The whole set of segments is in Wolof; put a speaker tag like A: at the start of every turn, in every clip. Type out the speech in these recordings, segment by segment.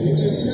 A: Thank You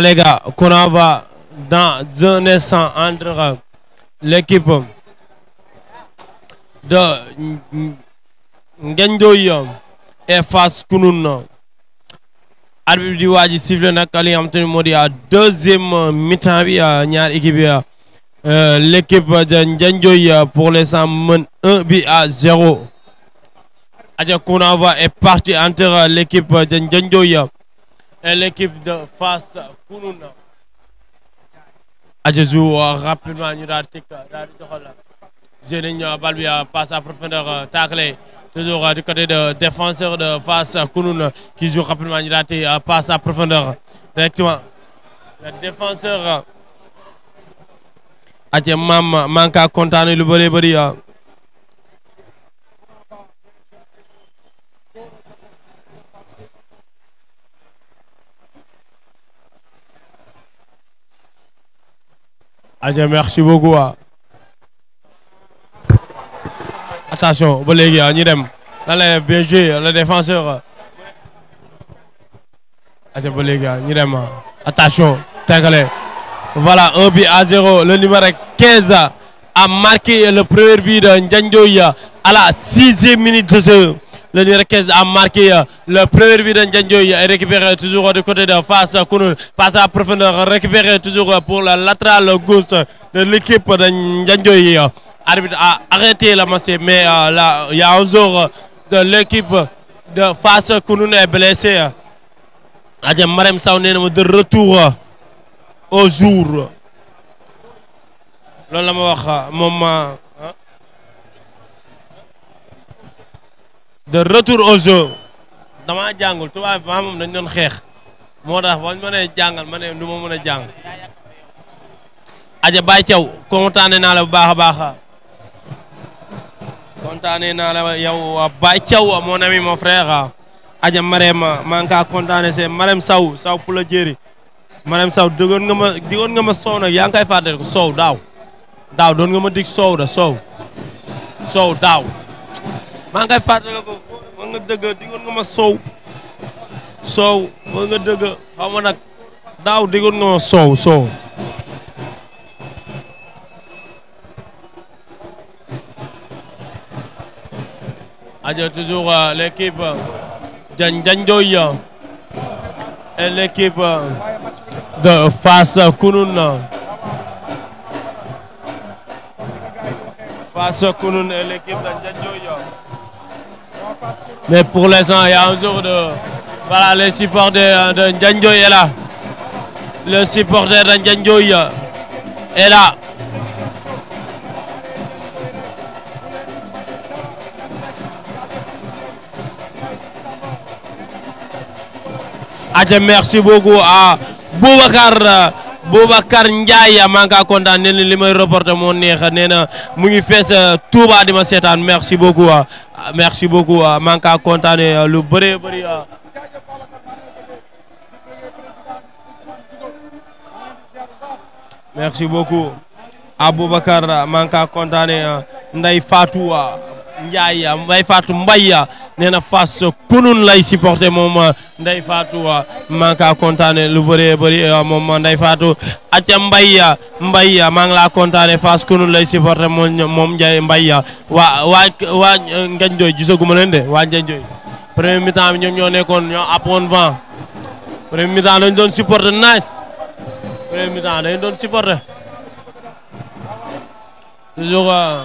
B: les gars, qu'on va dans un instant entre euh, l'équipe de Ngendoyo et face Kunun arbitre di waaj sifflé nag li nga xam deuxième mi-temps euh, ñaar équipe euh, l'équipe de Ndiandoy pour l'instant mène 1 but à 0. Adja Kounava est parti entre l'équipe de Ndiandoy et l'équipe de face Kounoune Adjazou euh, rapidement ñu daal tikk daal di joxal euh, euh, passe à profondeur taclé toujours du côté de défenseur de face Kounoune qui joue rapidement ñu daal passe à profondeur directement le défenseur Adja Mam manque à contenir le bëree merci beaucoup. Ah. Attention, bon les gars, on y est. Allez, bien le défenseur. Adjé, bon les gars, on y Attention, t'inquiète. Voilà, 1 but à 0. Le numéro 15 ah, a marqué le premier but de Ndjandjoya ah, à la 6 minute de jeu le 15 a marqué euh, le premier but et récupéré toujours du côté de face Kounou passe à profondeur, récupéré toujours pour la latérale gauche de l'équipe de Ndjanjoy. Arbitre a arrêté la masse, mais euh, il y a un jour de l'équipe de face Kounou est blessé. Adjem Marem est de retour au jour. Le moment. Euh, de retour au jeu damaa jàngul tubaab bi maa moom dañ doon xeex moo tax bañ ma nee jàngal ma ne du ma mën a jàng aja Baye Thiaw kontaane naa la bu baax a baax kontaane naa la yow Baye Thiaw mon ami mon frère aja Marema maa ngi kaa kontaane c'est Saw Saw Pula Jéeri Marem Saw digoon nga ma digoon nga ma soow nag yaa ko soow daaw daaw doon nga ma dig sow da soow soow daaw maa ngay fàttaliku ma nga dëgg diggoon nga ma soow soow ma nga dëgg xaw ma nag daaw diggoon nga ma soow soow aja toujours euh, l'équipe Diagne Diagne Ndoye et l'équipe euh, de Fass Kounoune Fass Kounoune et l'équipe de Diagne Ndoye Mais pour l'instant, il y a un jour de. Voilà, les supporters de, de est là. Le supporter de Ndjanjoy euh, est là. merci beaucoup à Boubacar. Euh, Boubacar Ndiaye euh, maa ngi kontaan nee na li may Reporter, tout Touba Dima ma merci beaucoup. Ah, merci beaucoup ah, maa ngi kaa kontaane ah, lu bëree bëri. merci beaucoup Aboubacar maa ngi kaa kontaane Ndeye Fatou. Ndiaye Mbaye Fatou Mbaye nee na Fass kunun lay supporté moom Ndeye Fatou maa ngi kaa kontaane lu bëree bëri moom Ndeye Fatou acca Mbaye Mbaye maa ngi laa kontaane Fass kunun lay supporté moom moom Ndiaye Mbaye waa waa waa Ngagne de waa Ngagne Ndoye premier mi-temps ñoom ñoo nekkoon ñoo appoon vent premier mi-temps dañ doon supporté nice premier mi-temps dañ doon supporté toujours euh,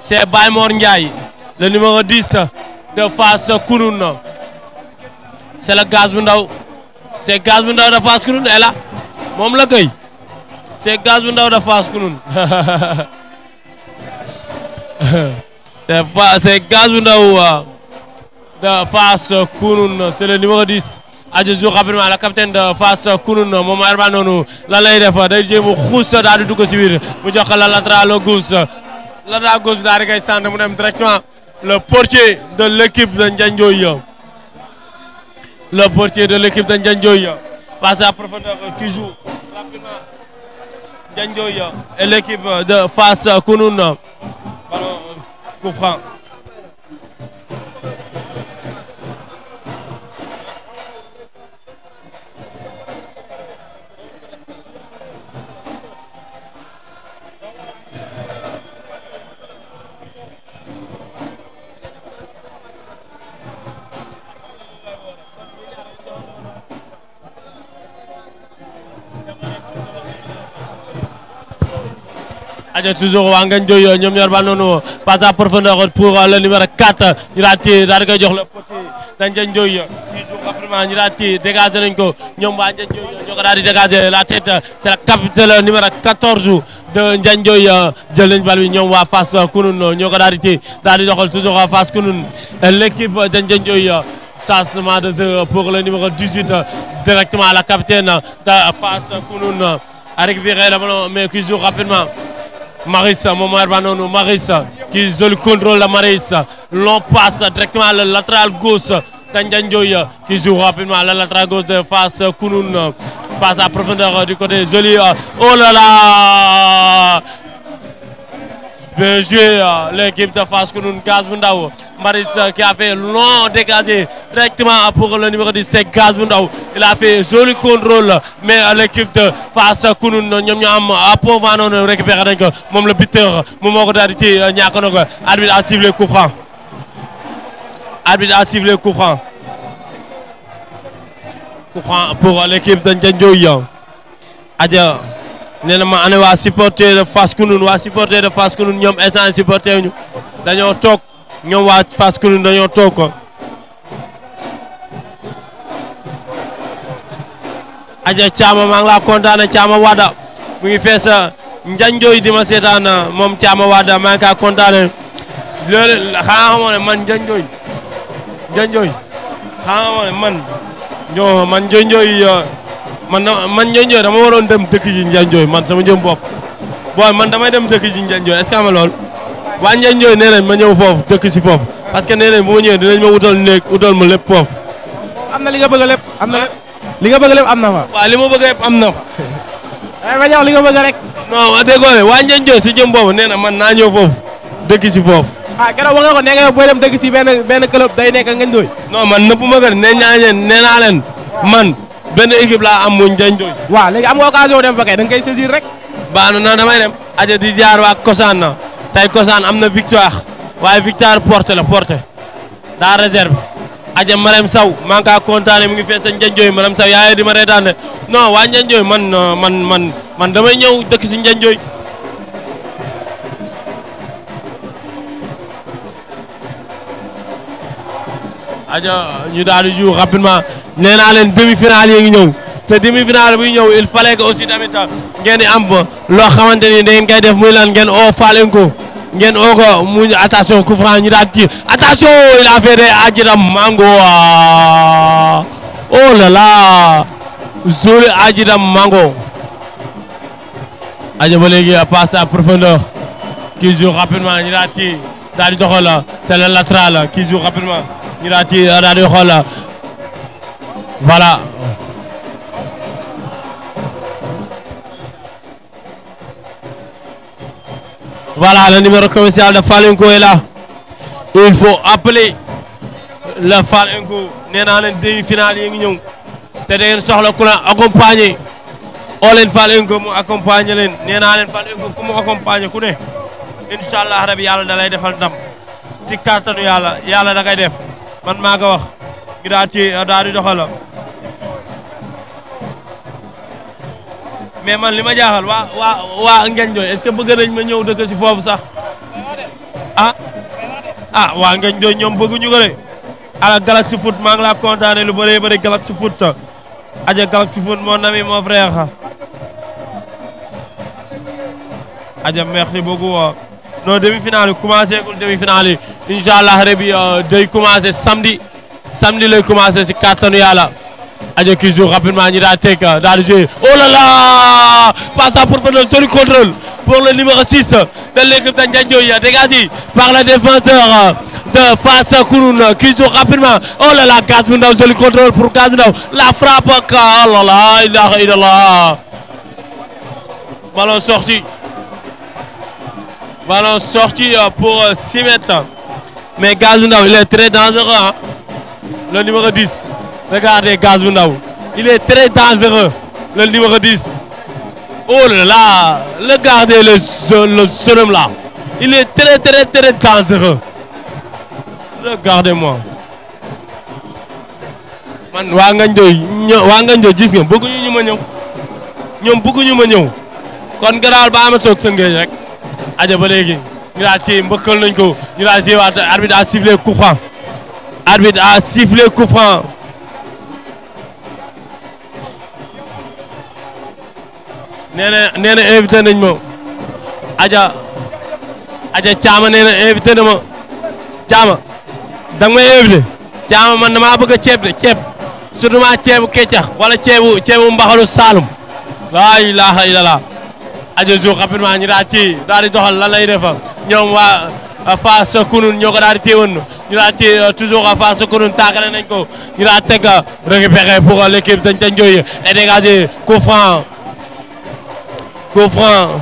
B: c'est Baymor Ndiaye, le numéro 10 de Fass Kounoune. C'est le Gaz bu Ndaw. C'est Gaz bu Ndaw de Fass Kounoune et là moom la kay. C'est Gaz bu Ndaw de Fass Kounoune. C'est Fass c'est Gaz bu Ndaw euh, de Fass Kounoune, c'est le numéro 10. Adja moom Herba noonu lan lay def day jéem a xuus daal di dugg si biir mu jox la latéral Lac de Guiers daal di koy sant mu dem directement le portier de l' équipe de Ndiandoye le portier de l' équipe de Ndiandoye passe à profondeur toujours rapidement Ndiandoye et l' équipe de Fass Kounoune ballon coup franc aja toujours waa ngañ joyo ñoom ñor ba noonu passe à profondeur pour euh, le numéro 4 ñu daal téye daal di koy jox le petit da ngañ joyo toujours vraiment ñu daal téye dégagé nañ ko ñoom waa ngañ joyo ñoo ko daal di dégagé la tête c'est la capitale numéro de Ndiagne Ndoye jël nañ ñoom waa Fass ñoo ko daal di téye daal di doxal toujours waa Fass Kounoune l'équipe de Ndiagne Ndoye changement de jeu directement la capitaine de Fass Kounoune a récupéré le ballon mais qui joue Marissa, Momar bah, Marissa, qui le contrôle de Marissa. L'on passe directement à la latéral gauche. qui joue rapidement à la latéral gauche de face. Kounoun passe à profondeur du côté Joli. Oh là là Bien l'équipe de face Kounoun Kazmundao. Maris qui a fait long dégagé directement pour le numéro 17 Gazmundao. Il a fait joli contrôle, mais l'équipe de face Kounoun, Nyom à récupérer récupère le buteur, Momo Godaditi, Nyakonog, arbitre a ciblé coup franc. Arbitre a ciblé coup franc. Coup franc pour l'équipe de Ndjandjoy. Adia, Nenama, on va supporter de face Kunun on va supporter de face Kunun Nyom, essence supporter. D'ailleurs, tok ñoom waa Fass Kounoune dañoo toog ko aja caama maa ngi laa caama Wada mu ngi fees njanjooy di ma seetaan moom caama Wada maa ngi kaa kontaane loolu xanaa man njanjooy njanjooy xanaa xamoo man ñoo man njanjooy man man njanjooy waroon dem dëkk ji man sama jëm bopp booy man damay dem dëkk ji njanjooy est ama lool waa Ndiagne Ndoye nee nañ ñëw foofu dëkk si foofu parce que nee nañ bu ma ñëwee dinañ ma wutal néeg wutal ma lépp foofu. am na li nga bëgg lépp. am na li nga bëgg lépp am na fa. waaw li ma bëgg am na fa. waaye eh, ma li nga bëgg rek. non wax dëgg si jëm boobu nee na man naa ñëw foofu dëkk si foofu. ah keroog wax nga ko nee nga booy dem dëkk si benn benn club day nekk Ngagne Ndoye. non man nëbbu ma ko nee ñaa leen nee naa man benn équipe laa am mu Ngagne Ndoye. waaw léegi am nga occasion dem fa kay da nga koy rek. baax na damay dem. aja di jaar waa Kosaan tey Kosaan am na victoire waaye victoire porte la porte daa réserve aja Marème Sow maa ngi kontaane mu ngi fees sa Ndianjoy Marème Sow di ma reetaane non waa Ndianjoy man man man man damay ñëw dëkk si Ndianjoy aja ñu daal di jouer rapidement nee naa leen demi-finale yi ngi ñëw te demi-finale buy ñëw il fallait que aussi tamit ngeen di am loo xamante ni da ngeen koy def muy lan ngeen oo faaleen ko ngeen oo ko mu attention coup franc ñu daal ci attention il a fait des ajiram mango ah. oh là là zoli ajiram mango aja ba léegi passe à profondeur qui joue rapidement ñu daal ci daal di doxal c'est le latéral rapidement ñu daal ci daal di xool Voilà le numéro commercial de Falinko est là. Il faut appeler le Falinko. nee naa leen demi-finale yi ngi ñëw te da soxla ku la accompagner oo leen Falinko mu accompagner leen nee naa leen Falinko ku mu accompagner ku ne incha allah rabi yàlla da lay defal ndam si kàttanu yàlla yàlla da koy def man maa ko wax ngi daal ci daal di doxal mais man lima jaxal wa wa wa waa Nganjoy est-ce que bëgg nañ ma ñëw dëkk ci fofu sax ah ah wa Nganjoy ñom bëgguñu ñu de ala Galaxy Foot ma ngi la contané lu bëré bëré Galaxy Foot ta aja Galaxy Foot mo nami mo frère aja merci beaucoup No demi-finale commencé ko demi-finale inshallah incha allah euh, day commencé samedi samedi lay commencé si carton yalla a rapidement joue rapidement Niratek dans le jeu. Oh là là passe pour faire le seul contrôle pour le numéro 6 de l'équipe d'Andjanjoy. Dégagé par le défenseur de face Kouroun qui joue rapidement Oh là là, Gazmundao, seul contrôle pour Gazmundao. La frappe, oh là là, il a, là. Ballon sorti. Ballon sorti euh, pour 6 euh, mètres. Mais Gazmundao, il est très dangereux. Hein. Le numéro 10. Regardez Gazounaou. Il est très dangereux, le numéro 10. Oh là là, regardez le, le là. Il est très très très dangereux. Regardez-moi. Man wa a nee na nee na invité nañ ma Adja Adja Caama nee na na ma Caama da nga may Caama man damaa bëgg a ceeb de ceeb surtout maa ceebu keccax wala ceebu ceebu mbaxalu Saalum laa ilaaha illallah Adja Diouf rapidement ñu daal ci daal di doxal lan lay defa ñoom waa Fass Kounoune ñoo ko daal di téewoon ñu daal ci euh, toujours à face Kounoune tàggale nañ ko ñu daal teg euh, rek pexe pour euh, l'équipe dañ ca njóoy et dégager coup Coup franc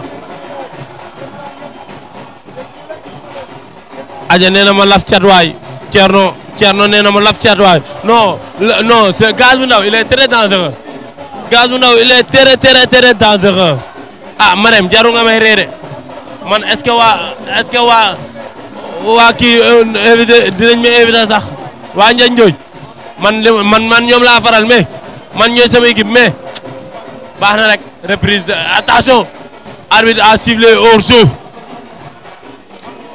B: Adja nee na ma laf cat waay Thierno Thierno nee ma laf cat non non c'est il est très dangereux gaz bu ndaw il est très très très dangereux ah Marème jaru nga may man est-ce que waa euh, dinañ ma invité sax waa Ndiagne man man ñoom laa faral man ñooy sama équipe mais baax na rek. reprise attention arbitre a sifflé hors-jeu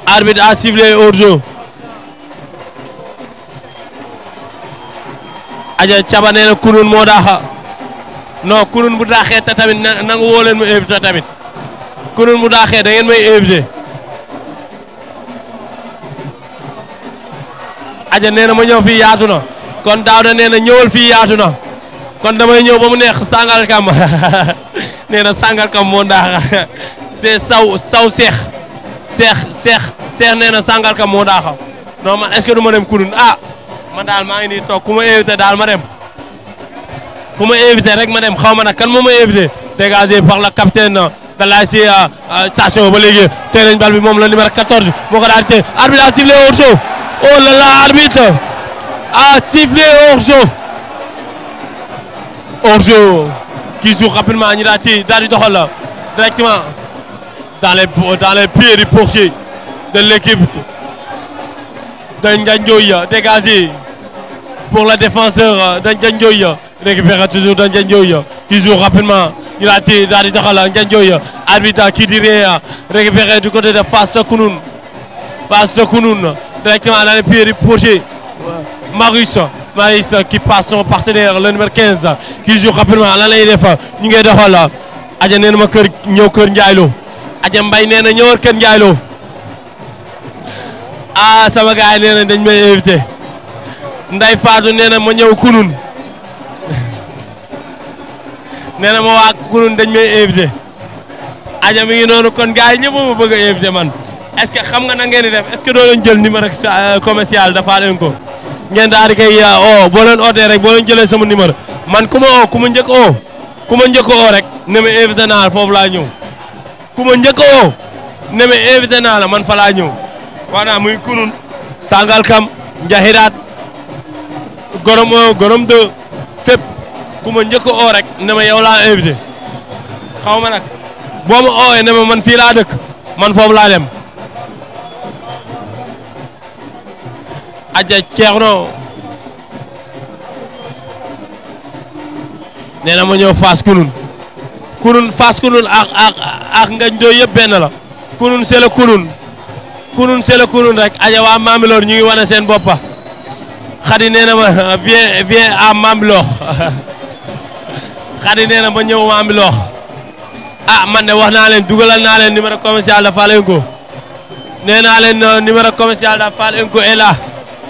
B: arbitre a sifflé hors-jeu aja caba nee na kunun moo daaxa non kunun bu daaxee te tamit nangu woo leen ma invité tamit kunun bu daaxee da ngeen may nee na ma ñëw fii yaatu kon daaw da nee na ñëwal fii kon damay ñëw ba mu neex sàngal kam nee na sàngal kam moo daaxa c'est saw saw seex seex seex seex nee na sàngal kam moo daaxa non man ma dem kunun ah man daal maa ngi nii toog ku ma invité daal ma dem ku ma invité rek ma dem xaw ma nag kan moo ma invité dégagé par le capitaine de la si euh, station ba léegi tey nañ bal bi moom la numéro 14 moo ko daal di tey arbitre a sifflé hors-jeu oh là hors qui joue rapidement a été Dadi le directement dans les, dans les pieds du portier de l'équipe Nganjoya dégagé pour le défenseur d'Nganjoya, récupère toujours Nganjoya qui joue rapidement il a été Dari Dakhala, Nganjoya arbitre qui dirait récupéré du côté de Face Kounoun. Face Kounoun, directement dans les pieds du portier, Marus. Maïs qui passe son partenaire le numéro sa qui joue rapidement lan lay def ñu ngi doxal Adja nee na ma kër ñëw kër Ndiaye Lo Adja Mbaye nee na ñëwal kër Ndiaye Lo ah sama gars yi nee na dañ may invité Ndeye Fatou nee na ma ñëw kunun nee na ma waa kunun dañ may invité Adja mi ngi noonu kon gars yi ñëpp ma bëgg a invité man est que xam nga na ngeen di def est que doo leen jël numéro commercial dafa leen ngeen daal di koy uh, oo boo leen rek boo leen jëlee sama numéro man ku ma oo ku ma njëkk oo ku ma njëkk oo rek ne ma naa la foofu laa ñëw ku ma njëkk oo ne ma naa la man fa laa ñëw waanaa muy kunun Sangalkam Njaxiraat gorom uh, gorom de fépp ku njëkk oo rek ne ma yow laa invité xaw ma nag boo ma oowee ne ma man fii laa dëkk man foofu laa dem aja cerno nena mo ñew fas Kunun Kunun fas Kunun ak ak ak nga Ndoye yeb ben la Kunun sele Kunun Kunun sele Kunun rek aja wa Mambilor ñi ngi sen seen boppa xadi ma bien bien a Mambilor xadi nena ma ñëw Mambilor ah man de wax naa leen dugalal na len numéro commercial da fa len ko nena len numéro commercial da fa len ko ela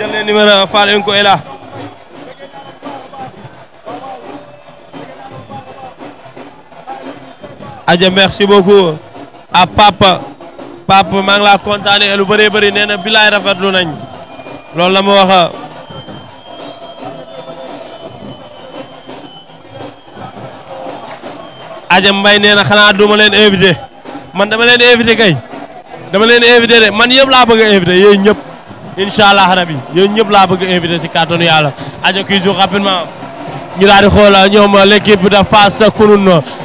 B: jël leen numéro Falenko est là aja merci beaucoup a ah, papa papa maa ngi laa kontaane lu bëree bëri nee na bilaay lu nañ loolu la ma waxa aja mbay nee xana duma len invité man dama len invité kay dama len invité man yeb la bëgg a invité yéen ñëpp incha allah rabi yéen ñëpp laa bëgg invité si kàttanu yàlla ajo kii jour rapidement ñu daal di xool ñoom l' équipe de Fass Kounoune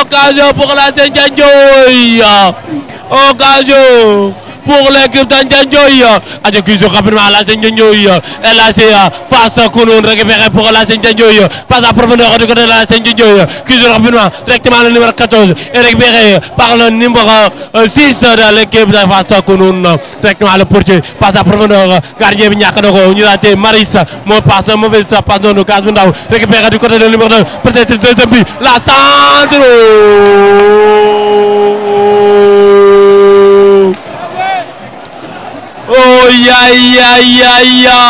B: Occasion pour la Saint-Diagne Occasion pour l'équipe d'Anjanjoy. Adjekuse rapidement la Senjanjoy. Elle a ses face Kounoun récupéré pour la Senjanjoy. Pas à profondeur du côté de la Senjanjoy. Kuse rapidement directement le numéro 14 est récupéré par le numéro 6 euh, de l'équipe de face Kounoun. Directement le portier passe à profondeur. Gardien Bignakadoko. Unité Maris. Mon passe mauvaise passe non Kazmundao. Récupéré du côté de numéro 2. Peut-être deuxième but. La Oh ya ya ya ya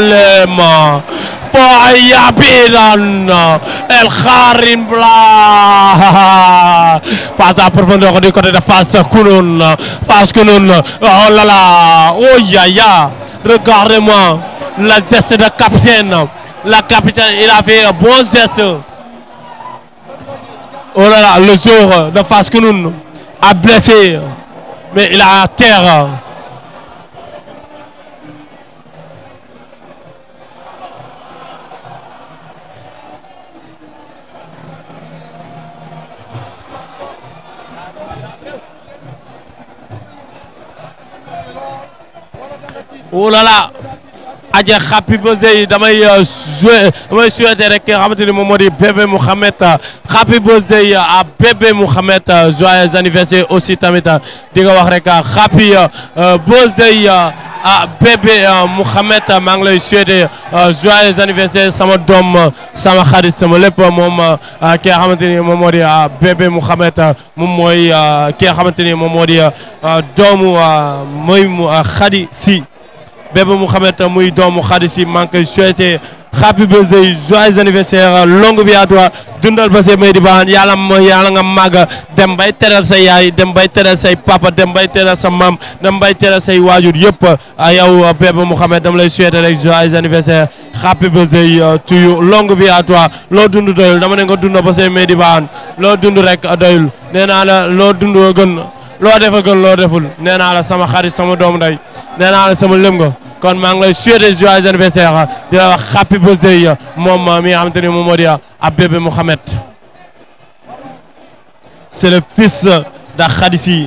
B: lema. El Kharim Bla Passe à profondeur du côté de face Kounoun Face Oh là là Oh ya ya Regardez-moi la zeste de capitaine La capitaine il a fait un bon geste Oh là là le jour de face a blessé Mais il a à terre oh là là aja xappi Bosey damay euh, joué damay souhaité rek ki nga xamante ni moom moo di bébé Mouhamed xappi euh, Bosey euh, à bébé Mouhamed joyeux anniversaire aussi tamit di nga wax rek xappi Bosey à bébé Mouhamed maa ngi lay souhaité joyeux anniversaire sama doom sama xarit sama lépp moom ki nga xamante ni moom moo di bébé Mouhamed moom mooy ki nga xamante ni moom moo di mooy xadi si. Bébé Mouhamed muy doomu Khady Sy maa ngi koy souhaité happy birthday joyeux anniversaire longue vie à toi dundal ba see may di baax yàlla yàlla nga màgg dem teral say yaay dem teral say papa dem bay teral sa maam dem bay teral say waajur yëpp yow Bébé Mouhamed dama lay souhaité rek joyeux anniversaire happy birthday uh, to you longue vie à toi loo dund doyul dama ne nga dund ba see may di baax loo dundu rek doyul nee naa la loo dund gën loo def a gën loo deful nee naa la sama xarit sama doom day nee naa la sama lëm kon maa ngi lay souhaiter joyeux anniversaire di wax happy birthday moom mi nga xamante ni moom moo c'est le fils de Khadisy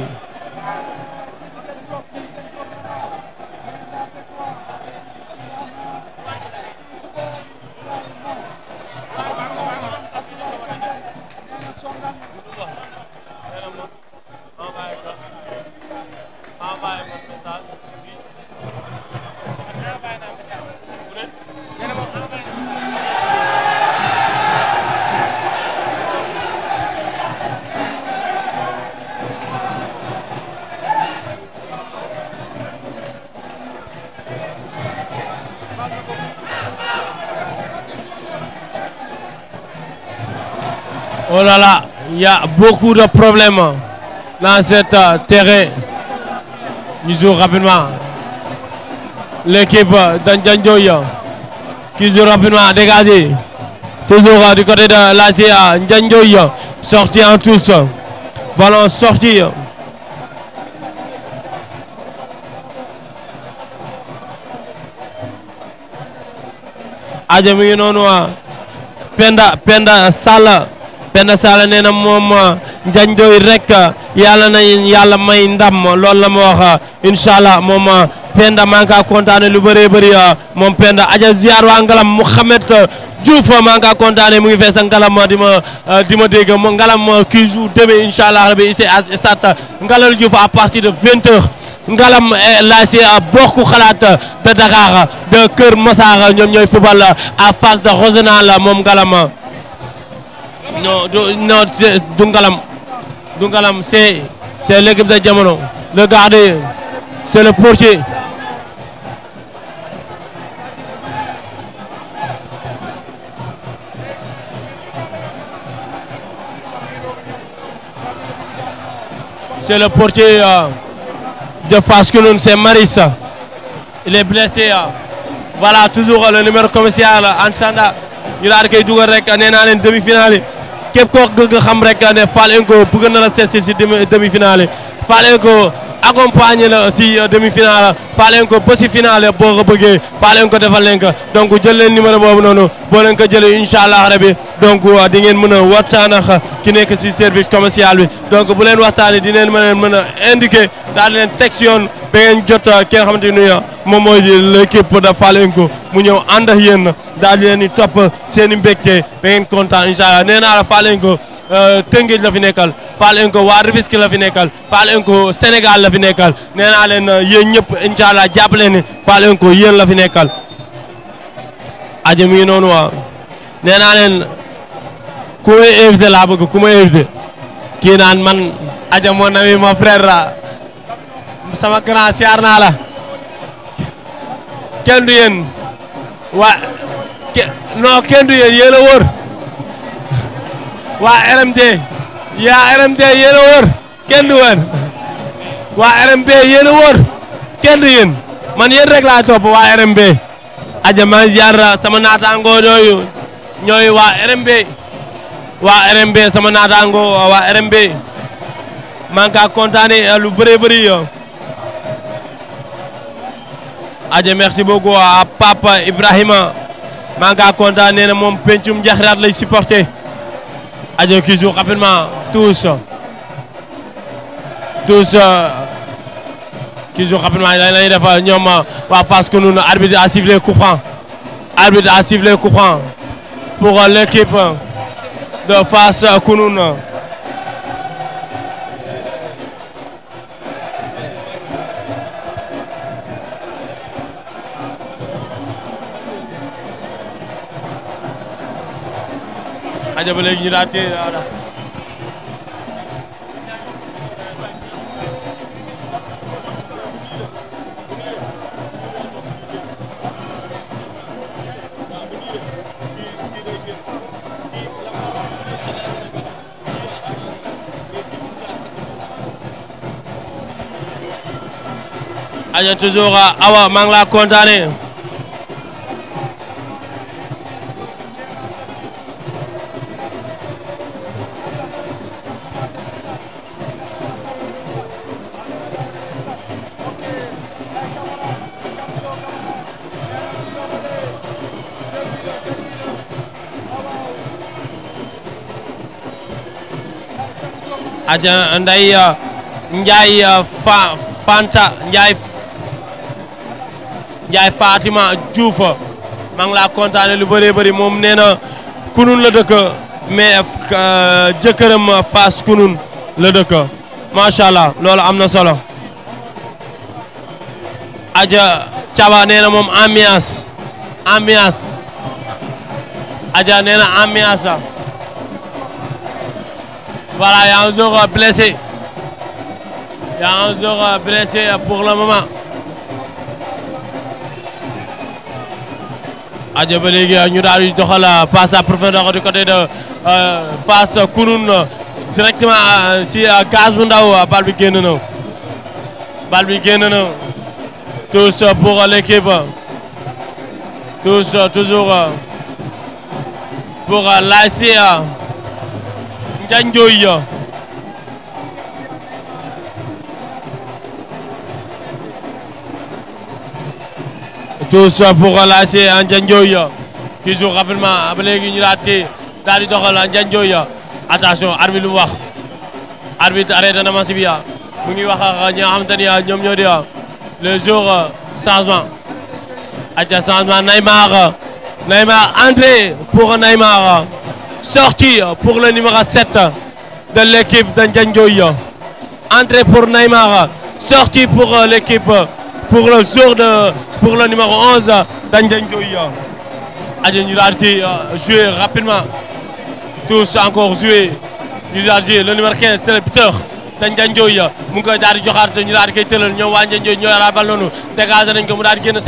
B: Oh là là, il y a beaucoup de problèmes dans cette euh, terrain. Nous jouons rapidement. L'équipe d'Andjanjoy qui rapidement, dégagé. Toujours euh, du côté de l'Asie, Ndjanjoy sorti en tous. Ballon sorti. Adjemi euh, Penda, Penda, Salah. benn saala nee na moom ah, Ndiagne rek ah, yàlla na yàlla may ndam ah, loolu la ma wax incha allah moom Penda maa ngi kontaane lu bëree bëri moom Penda aja ziar waa ngalam Mouhamed Diouf maa ngi kontaane mu ngi fees ngalam ma di ma dégg ngalam kii jour demee incha allah rabi ici à sat ngalal à partir de 20 ngalam eh, laa si bokk xalaat de Dakar de Kër Massar ñoom ñooy fubal à face de Rosenal moom ngalam. non non Dungalam Dungalam c'est c'est l'équipe de Diamono le gardien c'est le portier c'est le portier euh, de Fasculoun c'est Marissa il est euh. voilà toujours le numéro commercial Ansanda ñu daal di koy dugal rek nee naa leen demi-finale képp koo nga xam rek ne Falnco bëgg na la seet si demi finale Falnco accompagner la si euh, demi-finale faa leen ko ba si finale boo ko bëggee faa leen ko defal leen ko donc jël leen numéro boobu noonu boo leen ko jëlee incha allah rabi donc euh, di ngeen mën a waxtaan ki nekk si service commercial bi donc bu leen waxtaanee di leen mën a mën a indiquer daal di leen teg si yoon ba ngeen jot euh, ki nga xamante ni moom mooy l'équipe de mu ñëw ànd ak yéen daal di leen di topp seen i mbégte ba ngeen kontaan incha allah nee naa la Falnco tëngéej la fi nekkal. Fall Inco waa Rufisque la fi nekkal Fall Inco Sénégal la fi nekkal nee naa leen euh, yéen ñëpp incha allah jàpp leen ni Fall Inco la fi nekkal. aja mi ngi noonu waa nee naa leen laa bëgg ku may kii naan man aja mon ami ma frère la sama grand siyaar naa la kenn du yéen waa non kenn du yéen yéen a wóor waa RMD Ya RMT yene wor wër kenn du wër wa RMP yene wor wër kenn du yene man yene rek la top wa RMP. aja man jaar sama naataangoo yooyu ñoy wa RMP wa RMP sama nata waa RMP maa ngi kaa kontaanee eh, lu bëree bëri yo aja merci beaucoup à Papa Ibrahima man ka contane mom nee na pencum lay supporter. Adio qui joue rapidement. Touche. Touche. Qui joue rapidement. Il y a ñoom waa Fass Kounoune arbitre a sifflé coup franc. Arbitre a sifflé coup franc pour l'équipe de Fass Kounoune. rajo ba léegi ñu daal téye aja toujours awa maa laa kontaane Ndeye euh, Ndiaye euh, Fa Fanta Ndiaye Ndiaye Fatima Diouf maa ngi lu bëree bëri moom nee na kunun la dëkk mais euh, jëkkëram Fass kunun la dëkk macha allah loolu am na solo. Aja Caba nee na moom ambiance ambiance Aja nee na ambiance Voilà, il y a un jour euh, blessé. Il y a un jour euh, blessé pour le moment. Adja nous avons eu daal passe euh, à profondeur du côté de face Kounoune directement si case à ndaw bal tous pour l'équipe tous toujours pour l'ICA. ca njóoy ya tout ça pour relancer Andian Dioya qui joue rapidement ah, ba léegi ñu laajte doxal Andian Dioya attention lu wax arbitre arrêté na mu ngi wax ak ñi nga xamante ni ñoom ñoo di le jour euh, changement. aca changement Neymar Neymar entrée pour Neymar. sorti pour le numéro 7 de l'équipe d'Ngangoy. Entrée pour Neymar, sorti pour euh, l'équipe, pour le jour de, pour le numéro 11 d'Ngangoy. a joué rapidement, Tous encore joué. le numéro 15, c'est le buteur. te Ndiandoy ya mu ngi koy daal di joxaat ñu daal di koy tëlal ñoom ñoo yor bal noonu dégagé daal di génn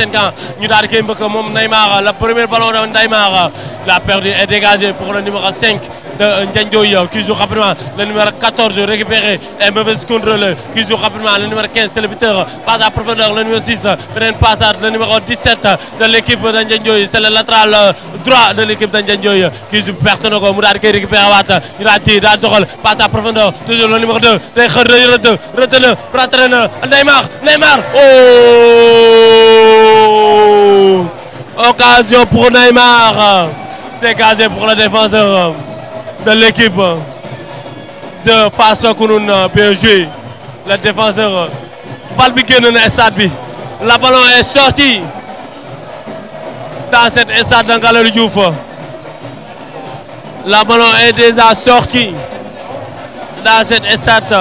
B: ñu daal di koy mbëkk moom Neymar la premier ballon de Neymar la perdu est dégagé pour le numéro 5 de Ndjandoy qui joue rapidement le numéro 14 récupéré et mauvaise contrôle qui joue rapidement le numéro 15 c'est le buteur passe à profondeur le numéro 6 freine passe à le numéro 17 de l'équipe d'Ndjandoy c'est le latéral droit de l'équipe d'Ndjandoy qui joue Pertonoko Moudar qui récupère Watt il a tiré à passe à profondeur toujours le numéro 2 de Kherdeyre retenu Pratrene Neymar Neymar oh Occasion pour Neymar. Dégagé pour le défenseur de l'équipe hein. de façon que nous euh, bien joué le défenseur euh, Balbique Sadbi. La balle est sorti dans cette estade dans Galerie euh, La balle est déjà sorti dans cette estade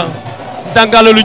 B: dans Galerie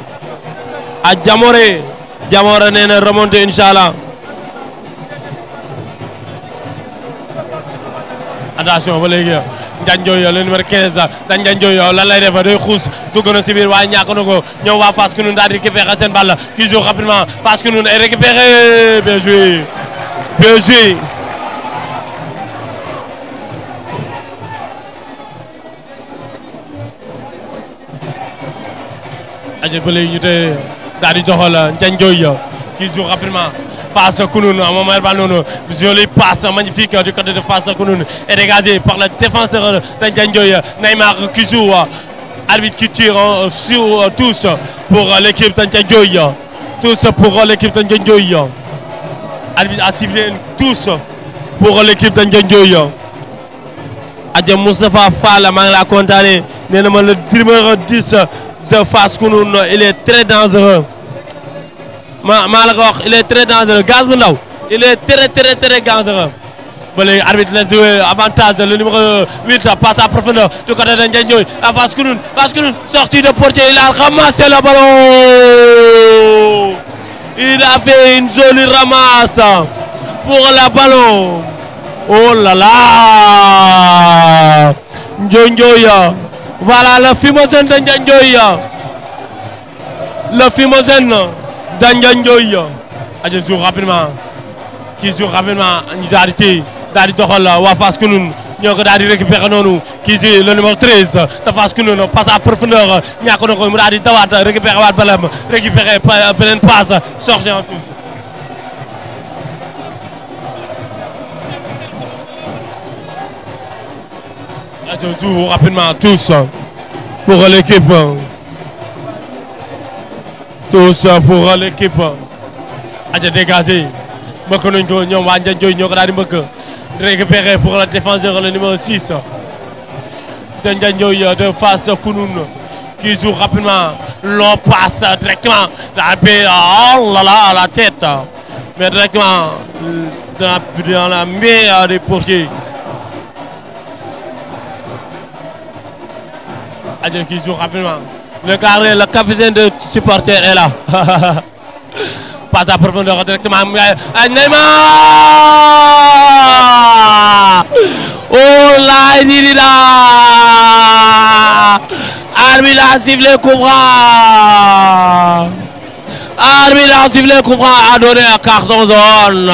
B: a Jamore Jamore nee na remonté incha allah attention ba léegi Ndiagne Ndoye yow le numéro 15 da Ndiagne Ndoye yow lan lay def day xuus dugg na si biir waaye ñàkk na ko ñëw waa Fass Kounoune daal di récupérer seen balle qui joue rapidement Fass Kounoune est récupéré bien joué bien La di de euh, Ndiagne Ndoye euh, qui joue rapidement face à Mohamed Bal Banoun, jolie passe magnifique euh, du côté de face Kounoun. et dégagé par le défenseur de Ndiagne Neymar qui joue arbitre qui tire sur tous pour l'équipe de Ndiagne tous pour l'équipe de Ndiagne Ndoye arbitre a tous pour l'équipe de Ndiagne Ndoye Adja Moustapha Fall maa ngi laa kontaane nee le numéro 10 de Fass il est très dangereux ma il est très dangereux gaz il est très très très dangereux Bon, arbitre avantages avantage le numéro 8 passe à profondeur du côté de Ndiaye à face face de portier il a ramassé le ballon il a fait une jolie ramasse pour la ballon oh là là Ndiaye voilà le fumogène de Le fimosène de rapidement, Adja ah, rapidement. Qui joue rapidement. Nous arrêté. Dari Dohol, Wafas Kounoun. que nous récupérer nous. qui le numéro 13 passe à profondeur N'y na mu daal Récupérer récupéré Récupérer balam passe en tout. Je joue rapidement tous hein, pour l'équipe. Hein. Tous hein, pour l'équipe. déjà dégagé. Mokonungo, Nyom, Adja Joy, Nyogadi Moko. Récupéré pour le défenseur, le numéro 6. Denjanjoy de face Kounoun qui joue rapidement. L'on passe directement la baie oh à la tête. Mais directement dans la, dans la des portiers. Adjel qui joue rapidement. Le carré, le capitaine de supporter est là. Pas à profondeur directement. Euh, Neymar Oh là, il est là Arbitre a couvre arbitre a sifflé a donné un carton jaune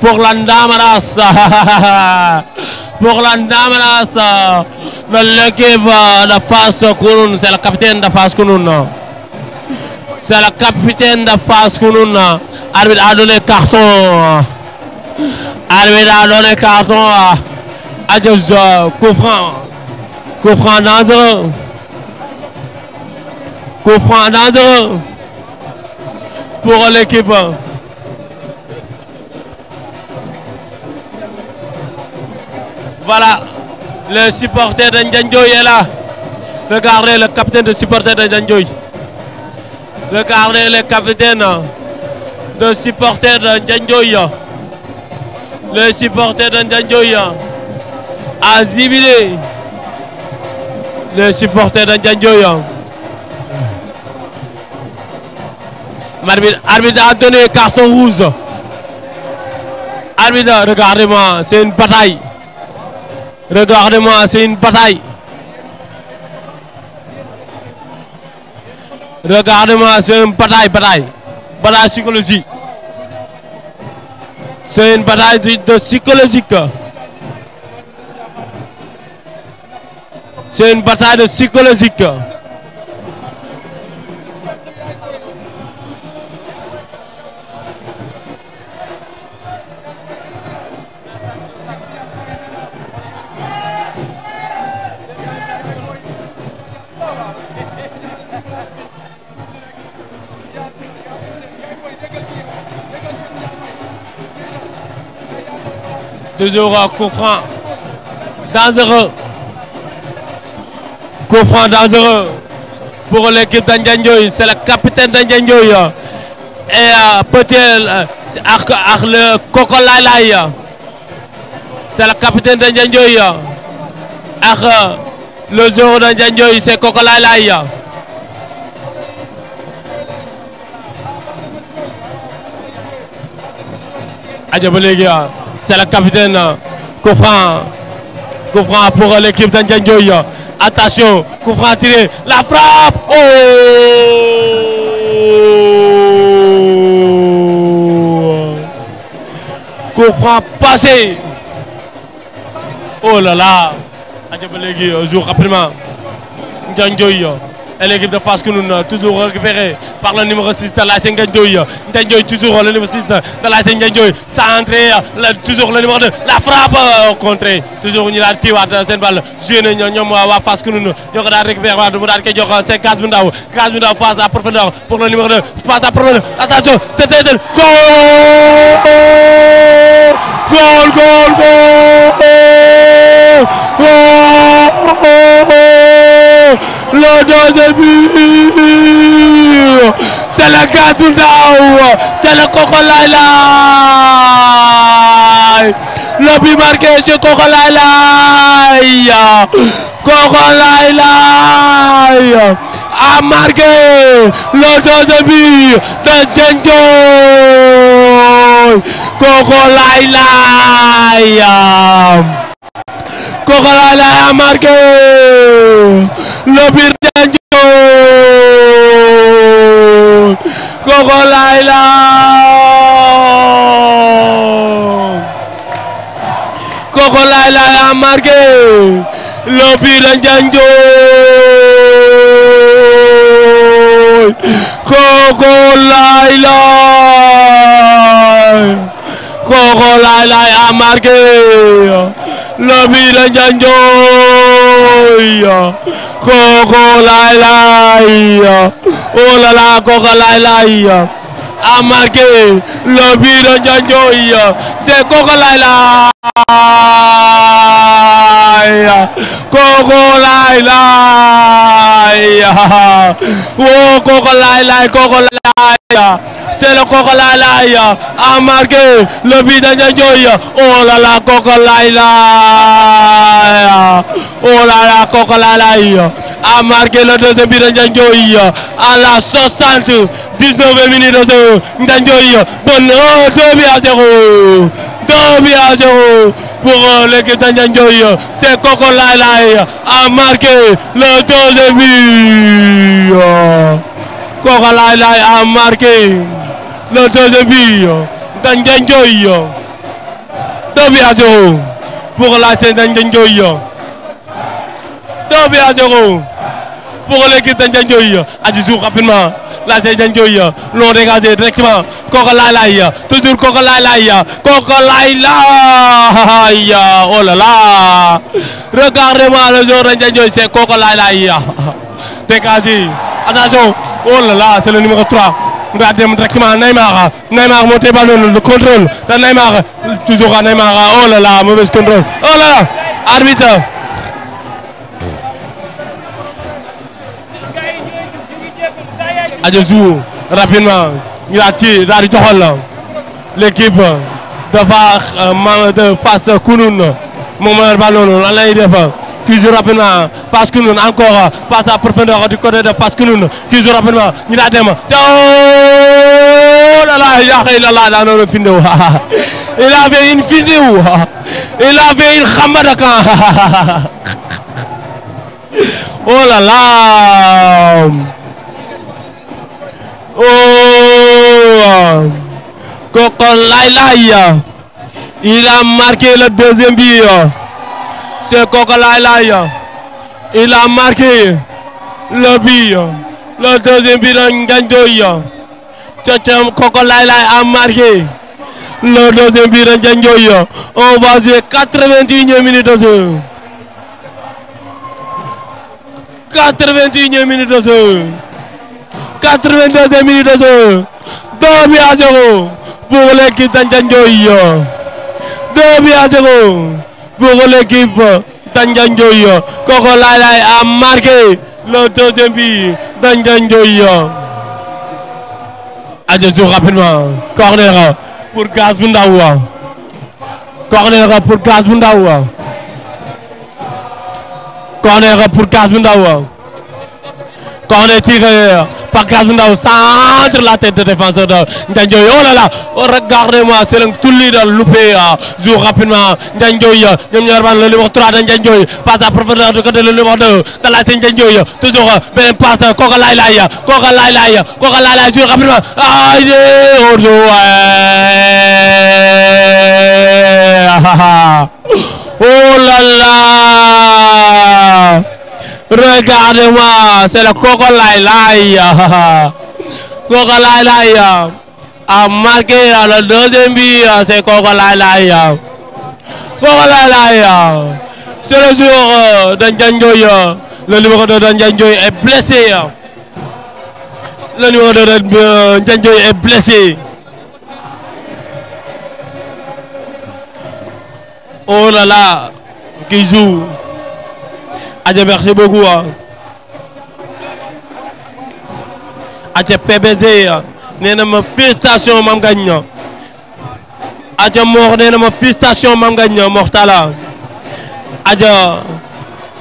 B: pour euh, dame, pour la euh, de l'équipe de Fas Kounoun c'est le capitaine de Fas Kounoun c'est le capitaine de Fas Kounoun arbitre a donné carton arbitre a donné carton à Koufran. coup franc coup franc dangereux pour l'équipe. Hein. Voilà, le supporter de est là. Regardez le capitaine de supporter de Regardez le capitaine de supporter de Ndjanjoy. Le supporter de Ndjanjoy a zibilé. Le supporter de Arbitre a donné carton rouge. Arbitre, regardez-moi, c'est une bataille. Regardez-moi, c'est une bataille. Regardez-moi, c'est une bataille, bataille. Bataille psychologique. C'est une bataille de, de psychologique. C'est une bataille de psychologique. Le un Koufran franc. Dangereux. Coup dangereux. Pour l'équipe d'Andjanjoy. C'est le capitaine d'Andjanjoy. Et euh, petit, être euh, le Coco Lailaï, C'est le capitaine d'Andjanjoy. Avec euh, le zéro d'Andjanjoy, c'est Coco Lalaï. Acaba ne ya? C'est le capitaine euh, Kofran. Kofran pour euh, l'équipe d'Andjanjoy. Attention, Koufran tiré. La frappe. Oh Koufran passé. Oh là là. on euh, joue rapidement. Ndjanjoy et l'équipe de nous avons euh, toujours récupérée par le numéro 6 Talasé la Ngandoy toujours le numéro 6 la la Ça entre euh, toujours le numéro 2. La frappe euh, au contraire. Toujours ñu daal tiiwaat cette la joué Je ñoom waa Fass face que nous récupéré Nous mu daal c'est Kazmu Ndaw face à profondeur pour le numéro 2 face à profondeur attention c'était goal
A: goal goal goal le deuxième but
B: c'est le Gass Ndaw c'est le Coco Lay Lay le but marqué c'est Coco Lay Lay Coco Lay Lay a marqué le deuxième but de Ndiandoye le bir janjo koko layla koko layla e a marqué le bir janjo koko layla koko layla e a marqué le bir koko laay laay oh là là koko laay laay a marqué le but de Ndiandoye c'est koko laay laay koko laay laay oh koko laay laay koko c'est le Cocolalaï a marqué le but de Ndiaye oh là là Cocolalaï oh là là Cocolalaï a marqué le deuxième but de Ndiaye la 79e minute de jeu Ndiaye bonne oh 2 buts à 0 2 buts à 0 pour l'équipe de Ndiaye c'est Cocolalaï a marqué le deuxième a marqué le deuxième but Ngagne Ngagne Ndoye deux buts à zéro pour directement Koko toujours Koko Laay Laay le joueur de Ngagne c'est le numéro 3 va dem directement Neymar. Neymar monte ballon, le contrôle Neymar. Toujours à Neymar. Oh là là, mauvaise contrôle. Oh là là, arbitre. Adjezou, rapidement, il a tiré L'équipe de, face Kounoun. Mon ballon, là, il faire qui rapidement, parce que nous encore euh, passe à profondeur du côté de face Kounoun qui joue rapidement ñu daa dem oh là là yaa illallah daa noonu findew il avait une findew il avait une xambadaka oh là là oh kooku laay laay il a marqué le deuxième but c'est Kokalaya. Il a marqué le but. Le deuxième but de Ngandoy. Kokalaya a marqué le deuxième but de Ngandoy. On va jouer 81 minutes de jeu. 81 minutes de jeu. 82 minutes pour l'équipe d'Anjanjoy. Kokolala a marqué le deuxième but d'Anjanjoy. Adjezou rapidement. Corner pour Gazbundawa. Corner pour Gazbundawa. Corner pour Gazbundawa. Corner tiré. Pacas Ndao centre la tête de défenseur de Ndiandoye oh là là oh, regardez-moi c'est le tulli de loupé ah. joue rapidement Ndiandoye ñoom ñaar ban le numéro 3 de Ndiandoye passe à profondeur du côté le numéro 2 de la Sen Ndiandoye toujours euh, beneen passe kooka laay laay kooka laay laay laay laay joue rapidement aïe ah, hors jeu oh regardez c'est le Coco Lailai. Coco Lailai a marqué c'est Coco Lailai. Coco Lailai, c'est le jour euh, de Ndjanjoy. Le est blessé. Le numéro 2 de euh, Ndjanjoy est blessé. Oh là qui joue Adja merci beaucoup. Adja PBG nee ma félicitation Mame Ngagne. Adja Mor nee na ma félicitation Mame Ngagne Moxtala. Adja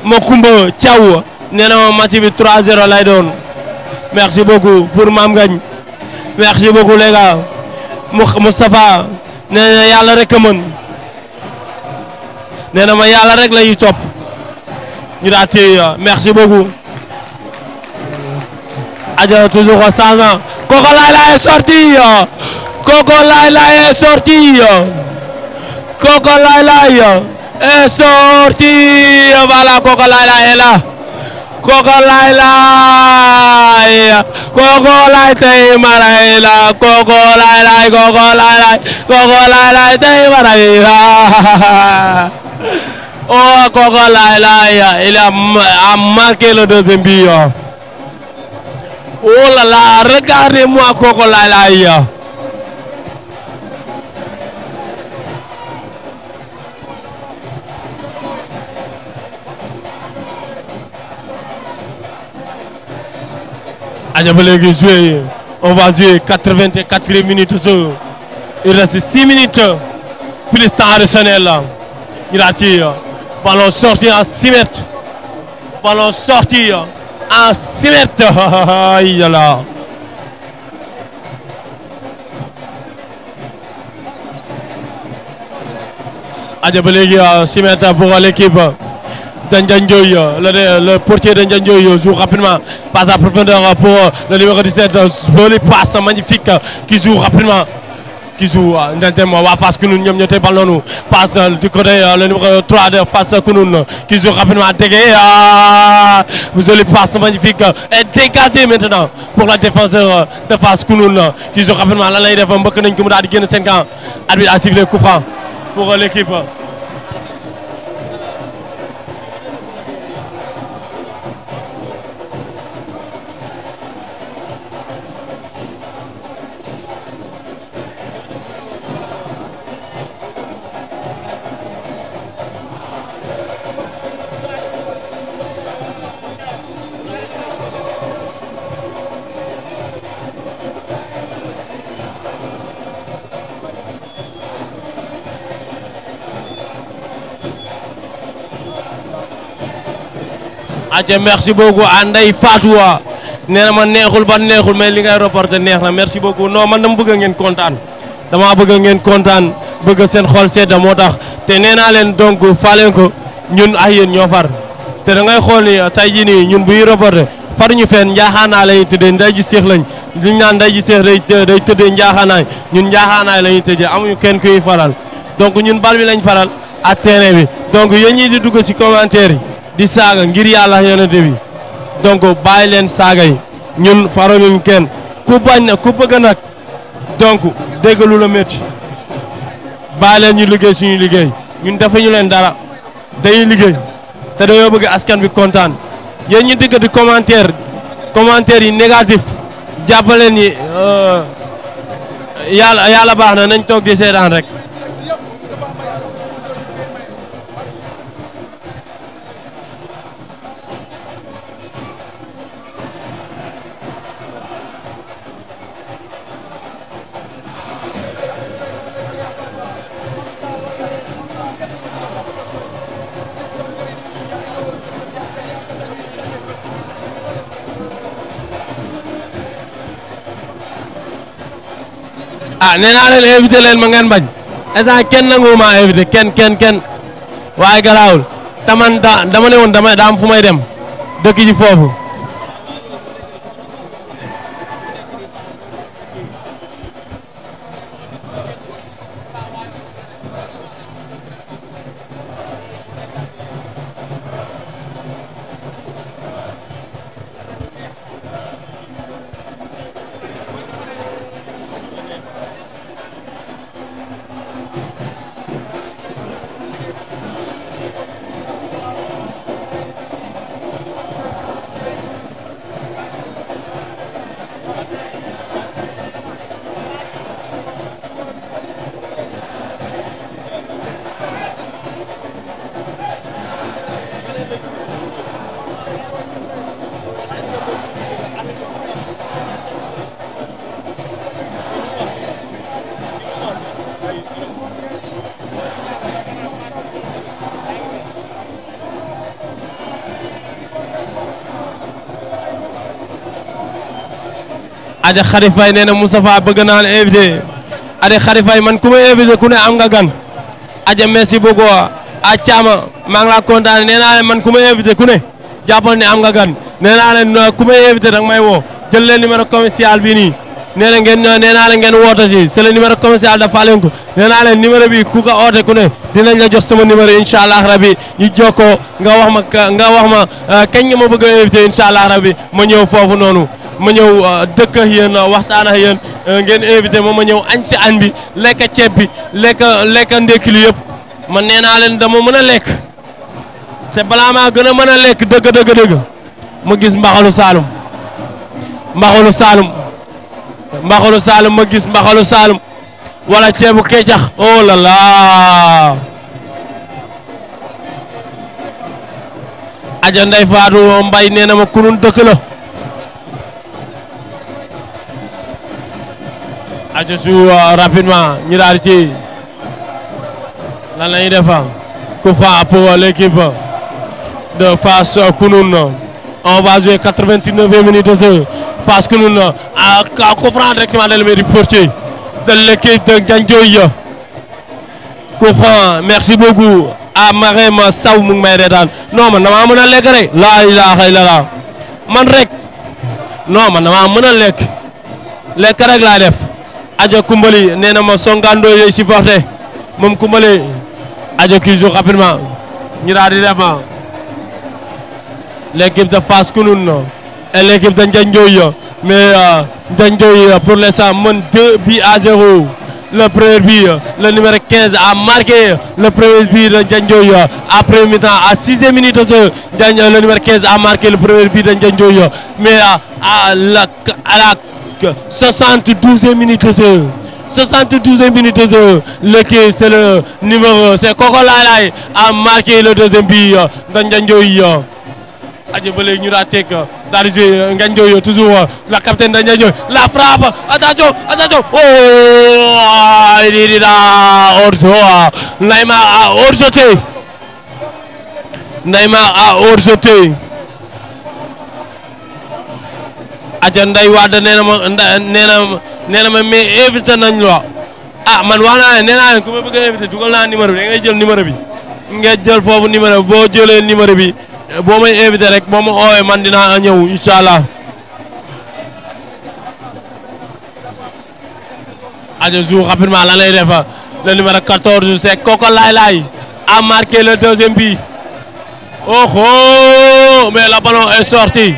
B: Makumba Thiaw nee na ma match bi 3 lay doon. merci beaucoup pour Mame Ngagne. merci beaucoup les gars. Moustapha nee yàlla rek a mën. nee ma yàlla rek lay ñuy ñu daal tey merci beaucoup. Adja toujours sànq Coco Layla est sorti Coco Layla est sorti Coco Layla est sorti
A: voilà Coco Layla est là Coco Layla Coco Layla tey maray la Coco Layla Coco Layla Coco Layla tey maray la Oh, Koko
B: là, il a, marqué le deuxième billet. Hein. Oh là là, regardez-moi Coco Laila. Ah, On va jouer 84 minutes. Il reste 6 minutes. Plus temps additionnel. Hein. Il attire. Ballon sorti à 6 mètres. Ballon sortir à 6 mètres. a là. Adjabalegi à euh, 6 mètres pour l'équipe d'Andjanjoy. Le, portier d'Andjanjoy joue rapidement. Passe à profondeur pour le numéro 17. Joli passe magnifique qui joue rapidement. Vous Ndiantem que nous passe du côté ah, le numéro 3 de Qui joue rapidement dégagé ah. magnifique ah, et dégagé maintenant pour la défenseur de Kounoun. Qui joue rapidement à lay def nañ ko mu di camp pour euh, l'équipe aca merci beaucoup Andai Fatwa neena ma neexul ba neexul mais li ngay reporter neex na merci beaucoup non man dama bëgg ngeen contane dama bëgg ngeen contane bëgg seen xol sédda motax té neena len donc falen ko ñun ay yeen ño far té da ngay xol ni tay ji ni ñun buy reporté faruñu fenn njaaxaanaay la lay tudde nday ji seex lañ liñ naan nday ji seex day day tëddee njaaxaanaay ñun njaaxaanaay lay tudde tëddee amuñu kenn kuy faral donc ñun bal bi lañ faral ak terrain bi donc yeñ ñii di dugg ci commentaire di saaga ngir yàlla yonent bi donc bàyyi leen saaga yi ñun faraluñ kenn ku bañ nag ku bëgg nag donc déggalu la métti bàyyi leen ñu liggéey suñu liggéey ñun defuñu leen dara dañuy liggéey te dañoo bëgg askan bi kontaan yéen ñu dikk di commentaire commentaire yi négatif jàppaleen ni euh, yàlla yàlla baax na nañ toog di seetaan rek ah nee naa leen invité leen ma ngeen bañ instant kenn nangu ma invité kenn kenn kenn waaye garaawul taman dama ne woon dama daam fu may dem dëkk ji foofu Adja Khady Faye nee na Moustapha bëgg naa la invité Adja Khady Faye man ku may invité ku ne am nga gan Adja merci beaucoup a Thiama maa ngi laa man ku may invité ku ne jàppal ne am nga gan nee naa leen euh, ku may invité nag may woo jël leen numéro commercial bii nii nee na ngeen euh, nee naa leen ngeen woote si c'est le numéro commercial de Falnco nee naa bi ku ko oote ku ne dinañ la jox sama incha allah rabi ñu jokkoo nga wax ma nga wax ma euh, kañ nga ma bëgg a invité allah rabi ma ñëw foofu noonu. ma ñëw euh, dëkk ak yéen euh, waxtaan ak yéen euh, ngeen invité ma ma ñëw añ si añ bi lekk ceeb bi lekk lekk ndekki li yëpp nee naa leen dama mën a lekk te balaa maa gën a mën a lekk dëgg dëgg ma gis mbaxalu Saalum mbaxalu Saalum mbaxalu Saalum ma gis mbaxalu Saalum wala ceebu kecax oh la la faatu mbay nee ma kunun dëkk la Je suis rapidement ñu daal ci la pour l'équipe de face Kounoun. on va jouer 89 minutes. minute de jeu face Kounoune à coup directement le du portier de l'équipe de Gandiaye Koufa, merci beaucoup à Marem Saw non man nous mën a lekk Là là là illallah man rek non man damaa mën a les lekk Adja Koumbali nee na ma Sonkando yooyu moom Koumbali Adja qui joue rapidement ñu daal di dem ah. l'équipe de Fass Kounoune ah. et l'équipe de Ndiandoye ah. mais Ndiandoye pour l'instant mène 2 buts à 0 le premier but, le numéro 15 a marqué le premier but de après le à 6e minute le numéro 15 a marqué le premier but de mais à, la, à la 72e minute 72e minute de jeu, c'est le numéro, c'est Lalaï, a marqué le deuxième but de Ndjanjoy. Dari si Nganjo yo, Ndoye la capitaine de Ngagne la frappe attention attention oh il est là hors Neymar a ah, hors Neymar a ah, hors aja ndai Wade nee na ma nee na nee ma nañ ah man wax naa ne bëgg a invité dugal naa numéro da ngay jël numéro bi nga jël numéro bi. boo may invité rek boo ma oowee man dinaa ñëw incha allah. aja jour rapidement lan lay defa ah? numéro 14 c'est Koko a marqué le deuxième but oh, oh mais le ballon est sorti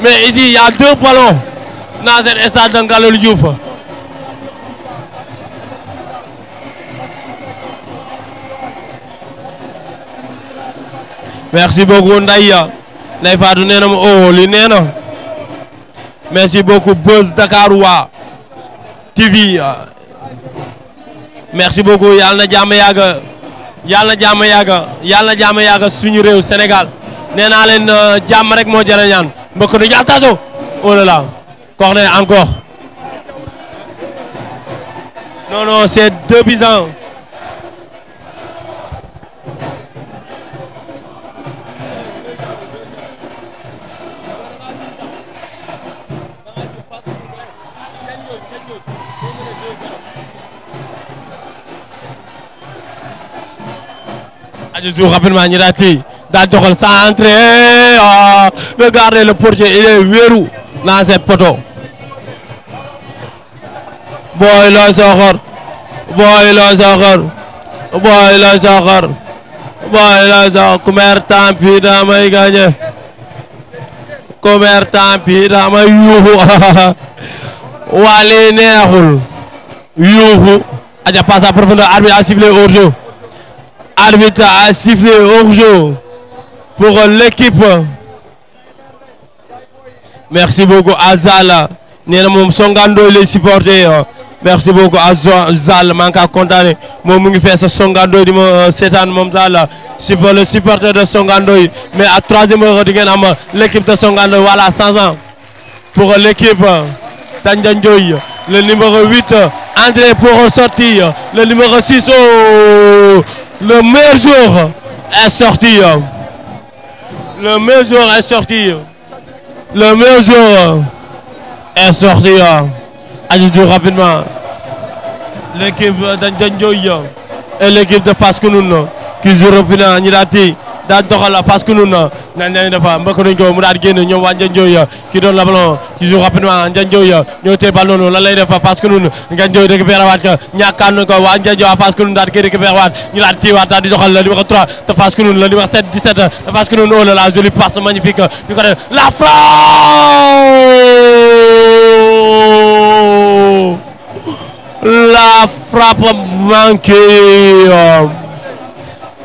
B: mais ici il deux ballons dans cet stade de merci beaucoup Ndaya Ndeye Fatou oh, li merci beaucoup Buzz Dakaroua, TV merci beaucoup Yalna na jàmm yàgg yàlla na jàmm yàgg suñu réew Sénégal Nenalène, len leen euh, rek mo jara ñaan mbokk oh là là corner encore non non c'est deux bisons Adji Diouf rapidement ñu daal di daal doxal centré ah, regardez le portier il est wéeru dans ce poteau. booy looy soxor booy looy soxor booy looy soxor booy looy soxor coumère temps yuuxu waa neexul yuuxu aja passe à profondeur arbitre a sifflé hors Arbitre a sifflé hors-jeu pour l'équipe. Merci beaucoup à Zala Nous sommes les Songando merci beaucoup à Zal manque ngi Mon kontaane Songando di euh, le supporter de Songando mais à troisième heure l'équipe de Songando voilà ans. pour l'équipe Tanja le numéro 8 André pour ressortir. le numéro 6 Hein. Le meilleur jour est sorti. Le meilleur jour est sorti. Le meilleur hein. jour est sorti. dis rapidement. L'équipe d'Andjanjoy et l'équipe de Faskounoun qui joue au final daal doxal parce que nun na na dafa mbok nañ ko mu daal genn ñoom waa Njanjooy ki doon la ballon toujours rapidement Njanjooy ñoo té ballon non la lay def parce que nun rek récupéré waat ka ñàkkaan nañ ko waa Njanjooy parce que nun daal rek récupéré waat ñu daal wa daal di doxal la di wax 3 te parce que nun la wax 7 17 te parce que nun oh là là jolie passe magnifique ñu ko la frappe la frappe manquée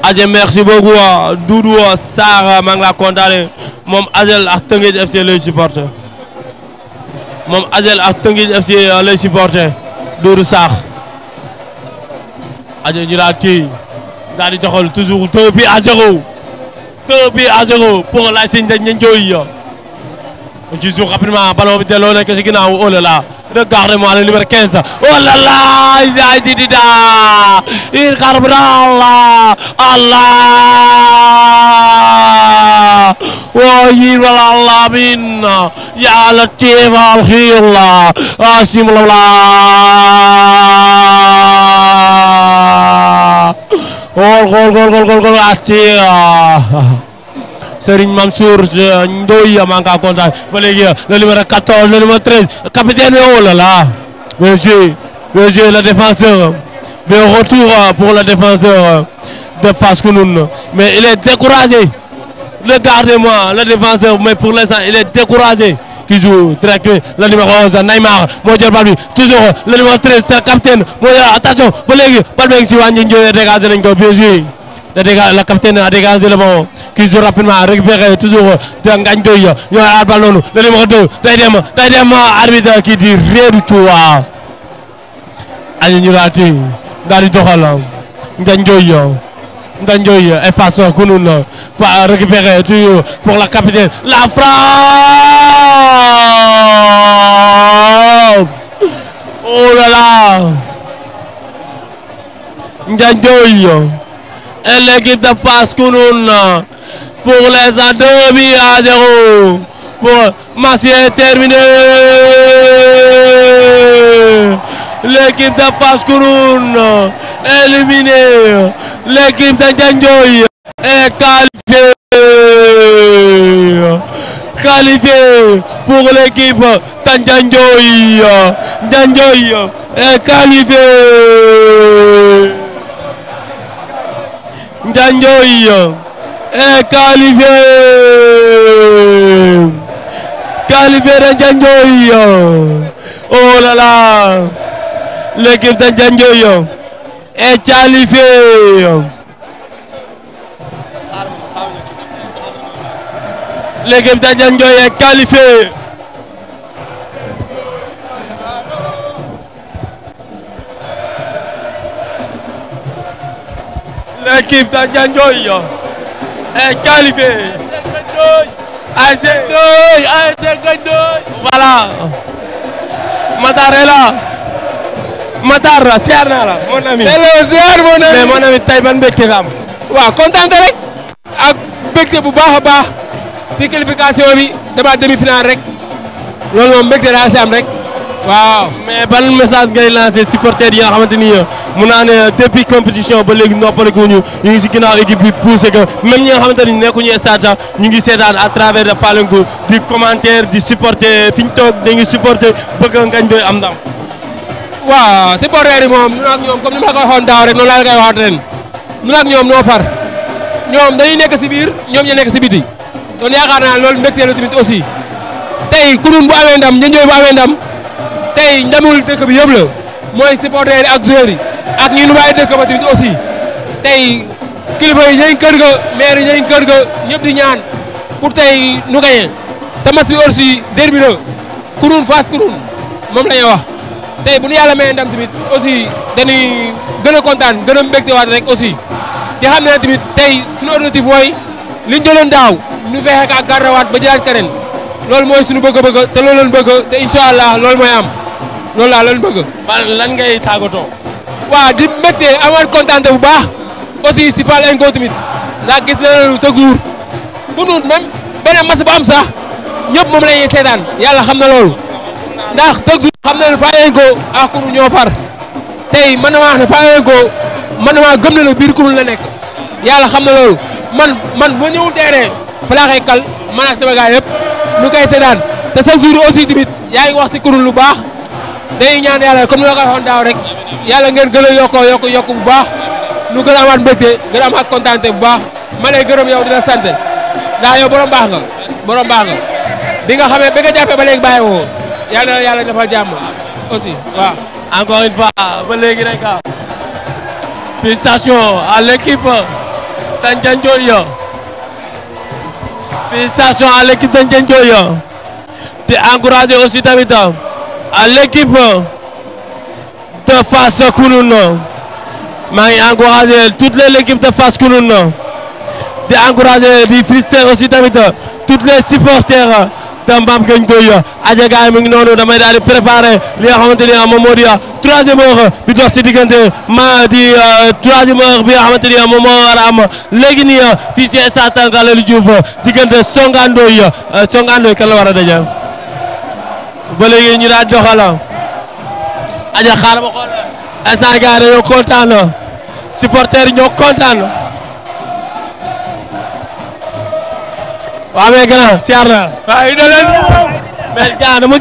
B: Adja merci beaucoup ah. Doudou ah, Sarr ah, maa ngi laa kontaane moom Adjel ak Teungueth FC lay supporté moom Adjel ak Teungueth FC lay supporté Doudou Sarr Adja ñu daal téye daal di joxal toujours 2 buts à 0 2 buts à 0 pour ci suuf rapidement ballon bi delloo nekk ci ginnaaw oh là là regardez-moi le numéro 15 oh là là ay di di daa il xarab Allah Allah wa yir wala Allah min ya latif al khilla asim la Serigne Mansour Ndoye am contact ba le numéro 14 le numéro 13 capitaine oh là là bien joué bien joué le défenseur on retour euh, pour le défenseur euh, de que mais il est découragé regardez-moi le défenseur mais pour l'instant il est découragé qui joue bien, le numéro 11 Neymar moo Balbi, toujours le numéro 13 c'est le capitaine attention ba léegi Balbi si bien joué la capitaine a dégagé le ballon qui joue rapidement, récupérer toujours de gagne il y a un ballon, le numéro 2, arbitre qui dit rien du tout. il gagne efface récupérer pour la capitaine. La France. Oh là là l'équipe de Fass pour l'instant 2 à 0 pour match est terminé l'équipe de éliminée l'équipe de est qualifiée pour l'équipe de est qualifiée Ndiandoye est eh, qualifié qualifié de Ndiandoye oh là là l'équipe de Ndiandoye est qualifiée l'équipe l'équipe de Gandoy eh, est qualifiée. ASC Gandoy, ASC Gandoy. Voilà. mon
A: ami. hello siyaar am. waaw kontaan rek. ak mbégte bu baax a baax. si bi dama demi-finale rek. loolu moom mbégte daa si am rek. waaw mais ban message ngay lancé supporters yi nga xamante ni
B: mun naa ne depuis compétition ba léegi noppalikuñu ñu ngi si ginnaaw équipe bi poussé que même ñi nga xamante nekkuñu stade sax ñu ngi seetaan a travers de Falnco di commentaire di supporter
A: fi ñu toog dañuy supporter bëgg a ngañ doy am ndam. waaw supporters yi moom ñun ak ñoom comme ni ma la ko waxoon daaw rek noonu laa la koy waxaat ren ñun ñoom noo far ñoom dañuy nekk si biir ñoom ñu nekk si biti. kon yaakaar naa loolu mbégteel aussi tey kunun bu amee ndam ñenjooy ndam. tey ndamul dëkk bi yëpp la mooy supporter ak joueurs yi ak ñi nu bàyyi dëkk ba tamit aussi tey kilifa yi ñooy kër ga maire yi ñooy kër ga ñëpp di ñaan pour tey nu gagné te match bi aussi derby la kurun face moom la wax tey bu nu yàlla may ndam tamit aussi dañuy gën a kontaan gën a mbégtewaat rek aussi di xam ne tamit tey suñu objectif mooy liñ jëloon daaw ñu fexe ka garrawaat ba jëlaat keneen loolu mooy suñu bëgg-bëgg te loolu lañ bëgg te incha allah loolu mooy am. loolu laa lan bëgg. lan ngay tàggatoo. waaw di métti amaat kontaante bu baax aussi si Fall Inco tamit ndax gis na lu sa guur ku nuut même beneen mas bu am sax ñëpp moom la ñuy seetaan yàlla xam na loolu ndax sa xam na ne Fall Inco ak maa ne Fall biir kunu la nekk yàlla xam na loolu man man bu ma ñëwul terrain kal man ak sama gars yëpp ñu jour aussi tamit yaa wax si kunu lu baax. dañuy ñaan yàlla comme ni ko waxoon daaw rek yàlla ngeen gën a bu baax nu gën a amaat mbégte gën amaat kontaante bu baax ma lay gërëm yow dina sant ndax borom baax nga bi nga xamee bi nga jàppee ba léegi bàyyi woo yàlla na yàlla defal jàmm aussi waaw. encore une fois ba léegi rek ah.
B: félicitations à l'équipe Tandian Diohio félicitations aussi tamit. à l'équipe de Fass Kounoune maa ngi encouragé toute l'équipe de Fass Kounoune di encouragé di félicité aussi tamit toutes les supporters de Mbam Gueye Ndoye a gaay mi ngi noonu damay daal di préparer li nga xamante ni ah moom moo di troisième heure bi dox ci diggante ma di euh, troisième heure bi nga xamante ni ah moom moo war a am léegi nii fii ci stade Ngalandou Diouf diggante Songa Ndoye euh, la war a daje ba léegi ñu daal doxala aja xaar ma xool instant gars dañoo kontaan la supporters yi ñoo kontaan la waaw mais grand siyaar naa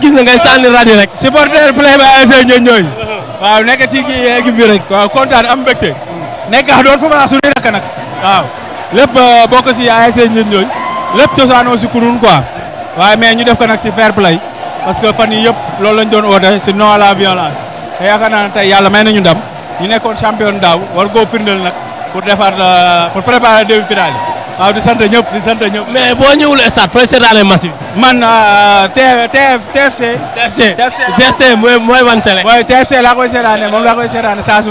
B: gis na ngay sànni rajo rek supporter play ba ASC ñooy waaw nekk ci équipe
A: rek waaw kontaan am mbégte nekk ax ah, doon fama suñu rakk nag waaw lépp euh, bokk ci ASC ñooy lépp waaye mais ñu def ko nag ci fair play
B: parce que fan yëpp loolu lañ doon woote si non à la violence te yaakaar naa ne tey yàlla may nañu ndam ñu nekkoon champion daaw war koo firndeel nag pour defar euh, pour préparer demi-finale yi waaw di sant ñëpp di boo ñëwul stade fooy seetaanee match bi. man euh, TFC. TFC mooy wan télé. mooy TFC laa koy seetaanee moom laa koy seetaanee saa su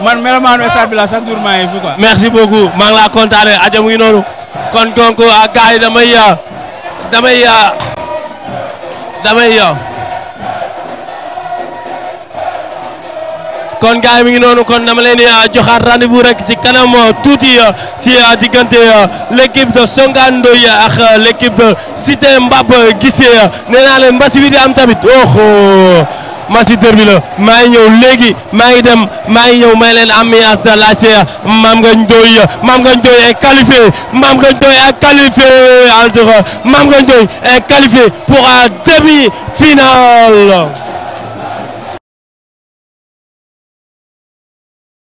A: man melomaanu stade bi la chaque jour maa fi quoi.
B: merci beaucoup maa laa kontaanee aja mu ngi noonu. kon donc ah, gars yi damay ah, damay. Ah, damay yow gaay mi ngi noonu kon dama leen di ah, joxaat rendez-vous rek si kanam ah, tuuti ah, si diggante l' équipe de Songane Ndoye ak l' équipe de Cité Mbab Guissé nee naa leen mbas bi am tamit oh. match derby la maa ngi ñëw léegi maa ngi dem maa ngi ñëw may leen ambiance de la CA Mame Ngagne Ndoye Mame Ngagne Ndoye est maam Mame Ngagne Ndoye est qualifié en tout cas Mame Ngagne Ndoye est qualifié pour la demi